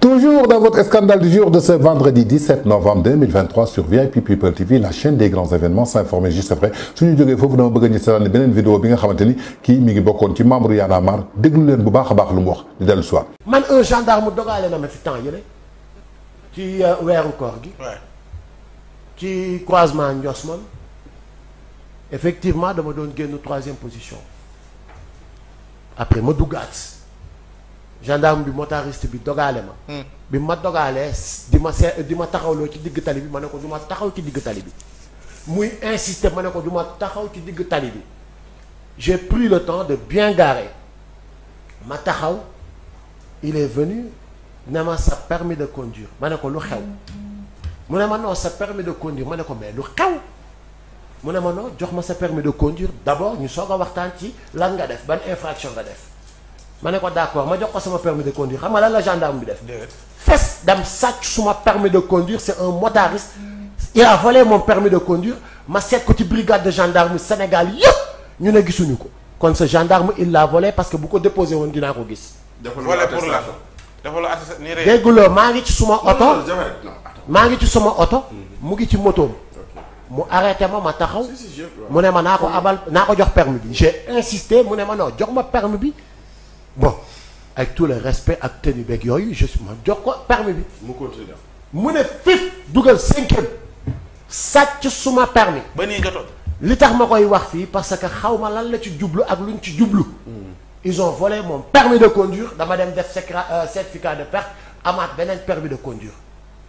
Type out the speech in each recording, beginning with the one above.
Toujours dans votre scandale du jour de ce vendredi 17 novembre 2023 sur VIP People TV la chaîne des grands événements s'informer juste après Si vous voulez vous dama bëgg vidéo, ñu seetaan beneen vidéo bi nga qui est kii mi ngi bokkoon ci membre Yana Mar. déglu leen bu baax baax lu mu wax di dellu si man un gendarme dogaale na ma ci temps yële ci euh, weeru koor gi. ci croisement effectivement dama donner une troisième position après ma duggaat gendarme du motariste bi dogaale ma hmm. bi ma dogaalee du matin se di ma taxawloo ci digg tali bi ma ko du ma taxaw ci digg tali bi muy insister ma ko du ma taxaw ci digg tali bi j'ai pris le temps de bien garer ma il est venu ne ça sa permis de conduire maintenant ne ko lu xew hmm. mu ne de conduire ma ko mais lu mu ne ma non jox ma sa permis de conduire d'abord ñu soog a waxtaan ci lan nga def ban infraction nga def ma ne ko d'accord ma jox ko sama permis de conduire xam nga lan la gendarme bi def fes dam sàcc suma permis de conduire c'est un motariste il a volé mon permis de conduire ma seet ko ci brigade de gendarme Sénégal yëpp ñu ne gisuñu ko kon ce gendarme il l'a volé parce que bu ko déposé woon dinaa ko gis pour la attestation dégguloo maa ngi ci suma oto maa ngi ci suma oto mu ngi ci motoom mu arrêté ma ma taxaw ma abal jox permis j'ai insisté mu ne jox ma permis bon avec tout le respect ak tenue beeg je suis ma jox ko permis bi mu cinquième sàcc permis ba nii li tax ma parce que xaw ma lan la ci jublu ak luñ ci hmm. ils ont volé mon permis de conduire dama dem def euh, certificat de perte amaat beneen permis de conduire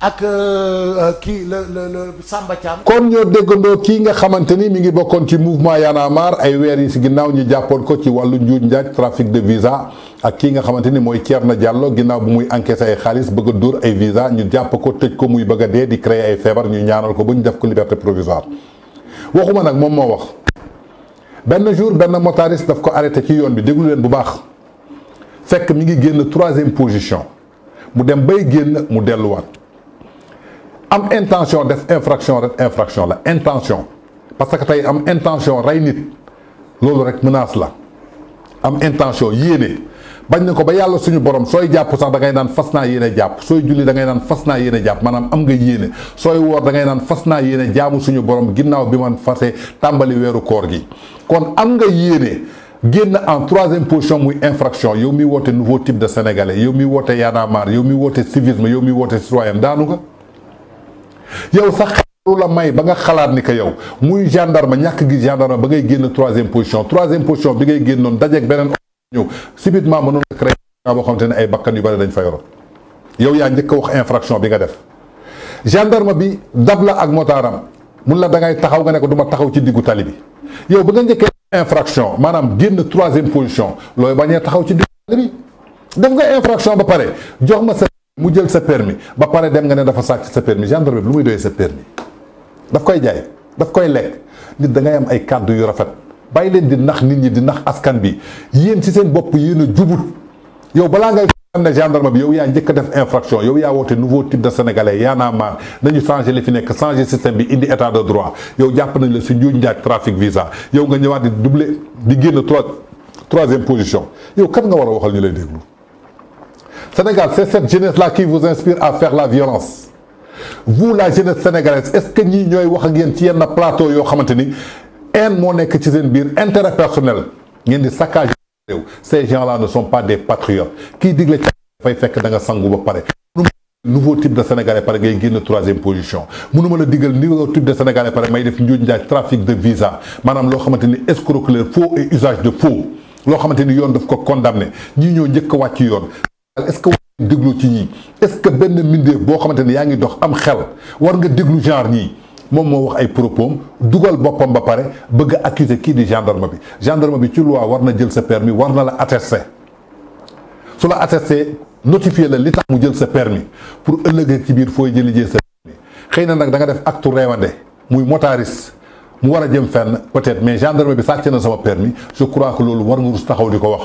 ak euh, euh, kii la la la Samba Thiam. kon ñoo déggandoo kii nga xamante ni mi ngi bokkoon ci mouvement Y'en a ay weer yi si ginnaaw ñu jàppoon ko ci wàllu njuuj njaaj trafic de visa ak kii nga xamante ni mooy Thierno Diallo ginnaaw bu muy encaissé ay xaalis bëgg a dóor ay visa ñu jàpp ko tëj ko muy bëgg dee di créer ay feebar ñu ñaanal ko ba ñu def ko liberté provisoire waxuma nag moom moo wax benn jour benn motariste daf ko arrêté ci yoon bi déglu leen bu baax fekk mi ngi génn troisième position mu dem bay génn mu delluwaat. am intention def infraction rek infraction la intention parce que tey am intention rey nit loolu rek menace la am intention yéene bañ ne ko ba yàlla suñu borom sooy jàpp sax dangay naan fas naa yéene jàpp sooy julli da ngay naan fas naa yéene jàpp maanaam am nga yéene sooy woor da ngay naan fas naa yéene jaamu suñu borom ginnaaw bi man fase tàmbali weeru koor gi kon am nga yéene génn en troisième position muy infraction yow mi woote nouveau type de sénégalais yow woote yaanamaar yow mi woote civisme yow mi woote citoyen daanu nga yow sax xelu la may ba nga xalaat ni que yow muy gendarme ñak gi gendarme ba ngay 3e position 3e position bi ngay génn non dajek benen ñëw subitement mënoon a créé ba xamante ne ay bakkan yu bari dañ fa yoro yow ya njëkk wax infraction bi nga def gendarme bi dabla ak motaram mun la da ngay taxaw nga ne ko duma taxaw ci diggu tali bi yow ba nga njëkkee infraction manam maanaam 3e position looy bañee taxaw ci diggu tali bi def nga infraction ba paré jox ma sa mu jël sa permis ba pare dem nga ne dafa sàcc sa permis gendarme bi lu muy doyee sa permis daf koy jaay daf koy lekk nit da ngay am ay kàddu yu rafet bàyyi leen di nax nit ñi di nax askan bi yéen ci seen bopp yéen a jubut yow balaa ngay xam ne gendarme bi yow yaa njëkk a def infraction yow yaa woote nouveau type de sénégalais yaa naa maar nañu changé li fi nekk changé système bi indi état de droit yow jàpp nañ la si njuuj njaaj trafic visa yow nga ñëwaat di doublé di génn trois troisième position yow kan nga war a waxal ñu lay déglu. Sénégal, c'est cette jeunesse-là qui vous inspire à faire la violence. Vous, la jeunesse sénégalaise, est-ce que nous avez un plateau qui est un intérêt personnel des Ces gens-là ne sont pas des patriotes. Qui dit que les fait que dans nouveau type de Sénégalais par ngay une troisième position Nous la le nouveau type de Sénégalais par may def le trafic de visa manam lo ce escroquerie faux et usage de faux Vous xamante ni yoon daf ko condamné ñi ñoo wacc est-ce que war nga déglu ci ñii est-ce que benn mbindeef boo xamante ne yaa ngi dox am xel war nga déglu genre ñii moom moo wax ay propos dugal boppam ba pare bëgg a accuser kii di gendarme bi gendarme bi ci loi war na jël sa permis war na la attester su la attester notifier la li tax mu jël sa permis pour ëllëgee ci biir fooy jëli jee sa permis xëy na nag da nga def acte réewande muy motariste mu war a jëm fenn peut-être mais gendarme bi sàcc na sama permis je crois que loolu war nga rus taxaw di ko wax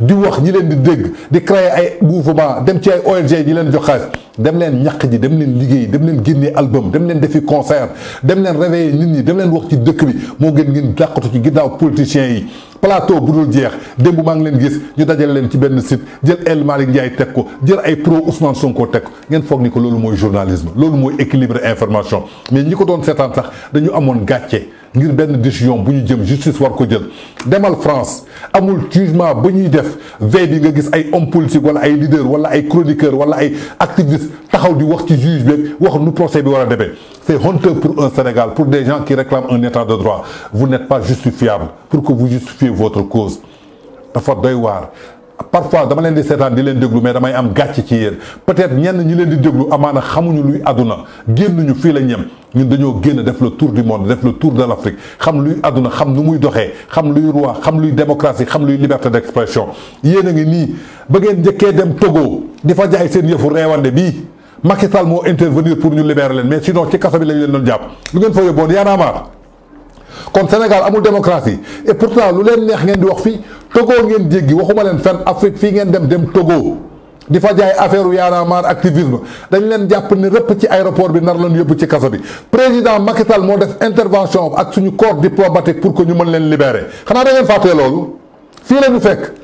di wax ñi leen di dégg di créer ay mouvement dem ci ay ONG ñi leen jox xaalis dem leen ñaq ji dem leen liggéey dem leen génnee album dem leen defi concert dem leen réveiller nit ñi dem leen wax ci dëkk bi moo gën ngeen dàqatu ci ginnaaw politiciens yi plateau bu dul jeex démb maa ngi gis ñu dajal len ci benn site jël El malik Ndiaye teg ko jël ay pro Ousmane Sonko tek ko ngeen foog ni ko lolu moy journalisme lolu moy équilibre information mais ñi ko doon seetaan sax dañu amone gàcce ngir benn décision bu ñu jëm justice war ko jël demal France amul jugement ba ñuy def veille bi nga gis ay homme politique wala ay leader wala ay chroniqueur wala ay activiste taxaw di wax ci juge bi wax nu procès bi war a c'est honteux pour un Sénégal pour des gens qui réclament un état de droit vous n'êtes pas justifiable pour que vous justifiez votre cause dafa doy waar parfois dama leen di seetaan di leen déglu mais damay am gàcc ci yéen peut-être ñenn ñi leen di déglu amaana xamuñu luy àdduna génnuñu fii la ñem ñun dañoo génn def le tour du monde def le tour de l'Afrique xam luy àdduna xam nu muy doxee xam luy roi xam luy démocratie xam luy liberté d'expression yéen a ngi nii de ngeen Togo dem Togo di fa jaay seen yëfu reewande bii Macky Sall intervenir pour ñu libérer leen mais sinon ci kaso bi lañ leen doon lu ngeen fa yóbboon Y en kon Sénégal amul démocratie et pourtant lu leen neex ngeen di wax fi Togo ngeen jéggi waxuma leen fenn Afrique fi ngeen dem dem Togo di fa jaay affaire Y en activisme dañ leen japp ni rëpp ci aéroport bi nar leen yóbbu ci kaso bi président Macky Sall moo def intervention ak suñu corps diplomatique pour que ñu mën leen libérer xana da ngeen fàttee lolu fi lañu fekk.